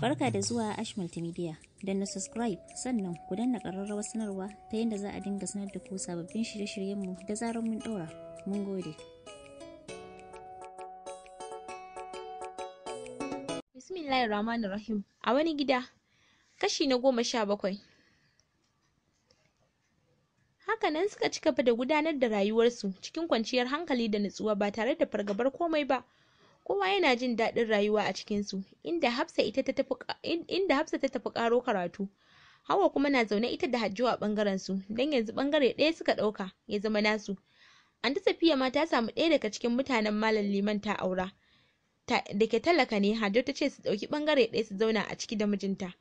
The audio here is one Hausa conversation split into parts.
Barka da zuwa Ash Multimedia. Don na subscribe sannan ku danna ƙararrawar sanarwa ta yadda za a dinga sanar da ku sababbin shirye-shiryenmu da zarar mun ɗora. Mun gode. Bismillahir Rahmanir Rahim. A wani gida, kashi na goma sha bakwai. Hakanan suka ci gaba da gudanar da rayuwarsu cikin kwanciyar hankali da nutsuwa ba tare da fargabar komai ba. kowa yana jin daɗin rayuwa a cikinsu inda hafsa ita ta tafi inda ƙaro karatu hawa kuma na zaune ita da hajjo a ɓangaren su don yanzu ɓangare ɗaya suka ɗauka ya zama nasu an ta safiya ma ta samu ɗaya daga cikin mutanen malam liman ta aura da ke talaka ne hajjo ta ce su ɗauki ɓangare ɗaya su zauna a ciki da mijinta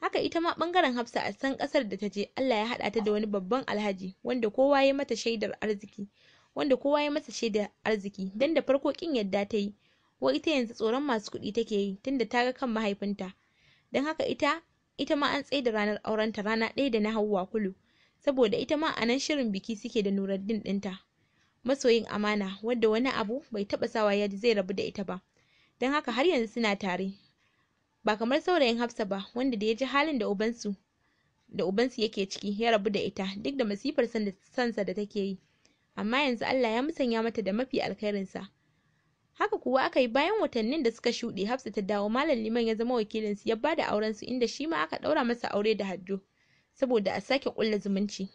haka ita ma ɓangaren hafsa a san ƙasar da ta je allah ya haɗa ta da wani babban alhaji wanda kowa ya mata shaidar arziki wanda kowa ya masa shaidar arziki don da farko ƙin yadda ta yi Ko ita yanzu tsoron masu kuɗi take yi tunda ta ga kan mahaifinta don haka ita ita ma an da ranar aurenta rana ɗaya da na hauwa kulu saboda ita ma a nan shirin biki suke da nuraddin ɗinta masoyin amana wadda wani abu bai taɓa sawa ya zai rabu da ita ba don haka har yanzu suna tare ba kamar saurayin hafsa ba wanda da ya ji halin da ubansu da ubansu yake ciki ya rabu da ita duk da masifar sansa da take yi amma yanzu allah ya musanya mata da mafi alkhairinsa kuwa aka yi bayan watannin da suka shuɗe Hafsa ta dawo Malam Liman ya zama wakilin su ya bada auren su inda shi ma aka ɗaura masa aure da Haddo saboda a sake ƙulla zumunci.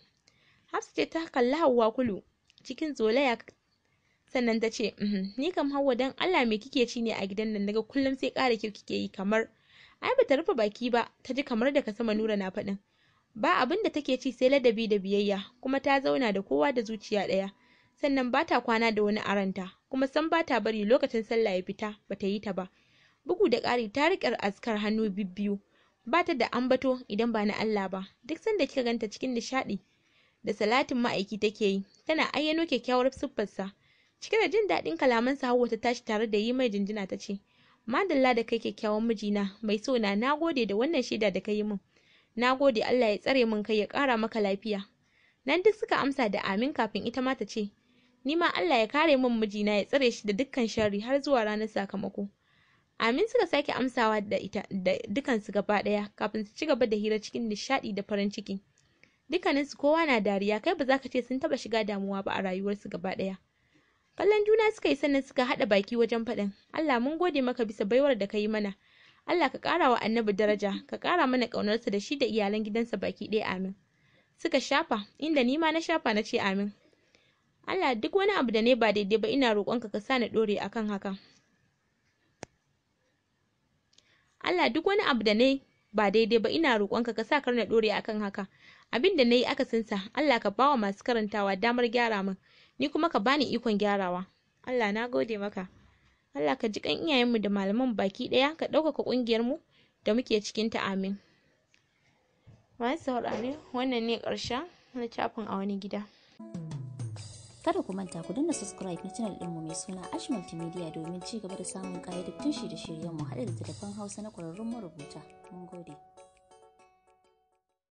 Hafsa ce ta kalli Hauwa Kulu cikin zolaya sannan ta ce uhm, ni kam Hauwa dan Allah me kike ci ne a gidan nan daga kullum sai ƙara kyau kike yi kamar ai bata rufe baki ba ta ji kamar daga sama Nura na faɗin ba abin da take ci sai ladabi da biyayya kuma ta zauna da kowa da zuciya ɗaya sannan ba ta kwana da wani aranta kuma san ba ta bari lokacin sallah ya fita ba ta yi ta ba bugu da ƙari ta riƙe askar hannu bibbiyu ba ta da ambato idan ba na Allah ba duk sanda kika ganta cikin nishaɗi da salatin ma'aiki take yi tana ayyano kyakkyawar siffarsa cike da jin daɗin kalamansa Hauwa ta tashi tare da yi mai jinjina ta ce madalla da kai kyakkyawan mijina mai so na gode da wannan shaida da ka yi min Na gode, Allah ya tsare min kai ya ƙara maka lafiya nan duk suka amsa da amin kafin ita ma ta ce ni ma Allah ya kare min mijina ya tsare shi da dukkan shari har zuwa ranar sakamako Amin suka sake amsawa da ita da dukansu gaba ɗaya kafin su ci gaba da hira cikin nishaɗi da farin ciki. Dukkaninsu kowa na dariya kai ba za ka ce sun taɓa shiga damuwa ba a rayuwarsu gaba ɗaya. Kallon juna suka yi sannan suka haɗa baki wajen faɗin Allah mun gode maka bisa baiwar da ka yi mana. Allah ka ƙara wa annabi daraja ka ƙara mana ƙaunarsa da shi da iyalan gidansa baki ɗaya amin. Suka shafa inda ni ma na shafa na ce amin Allah duk wani abu da ne ba daidai ba ina roƙonka ka sa na ɗore akan hakan Allah duk wani abu da ne ba daidai ba ina roƙonka ka sa kar na ɗore akan haka abin da nayi aka sinsa Allah ka bawa masu karantawa damar gyara min ni kuma ka bani ikon gyarawa Allah na gode maka Allah ka ji kan iyayenmu da malaman baki ɗaya ka ɗaukaka ƙungiyar mu da muke cikin ta amin Masu saurari wannan ne ƙarshen wani a wani gida. Kada ku manta ku danna subscribe na channel ɗinmu mai suna Ash Multimedia domin ci gaba da samun ƙayyadattun shirye mu haɗa da tattafan Hausa na ƙwararrun marubuta. Mun gode.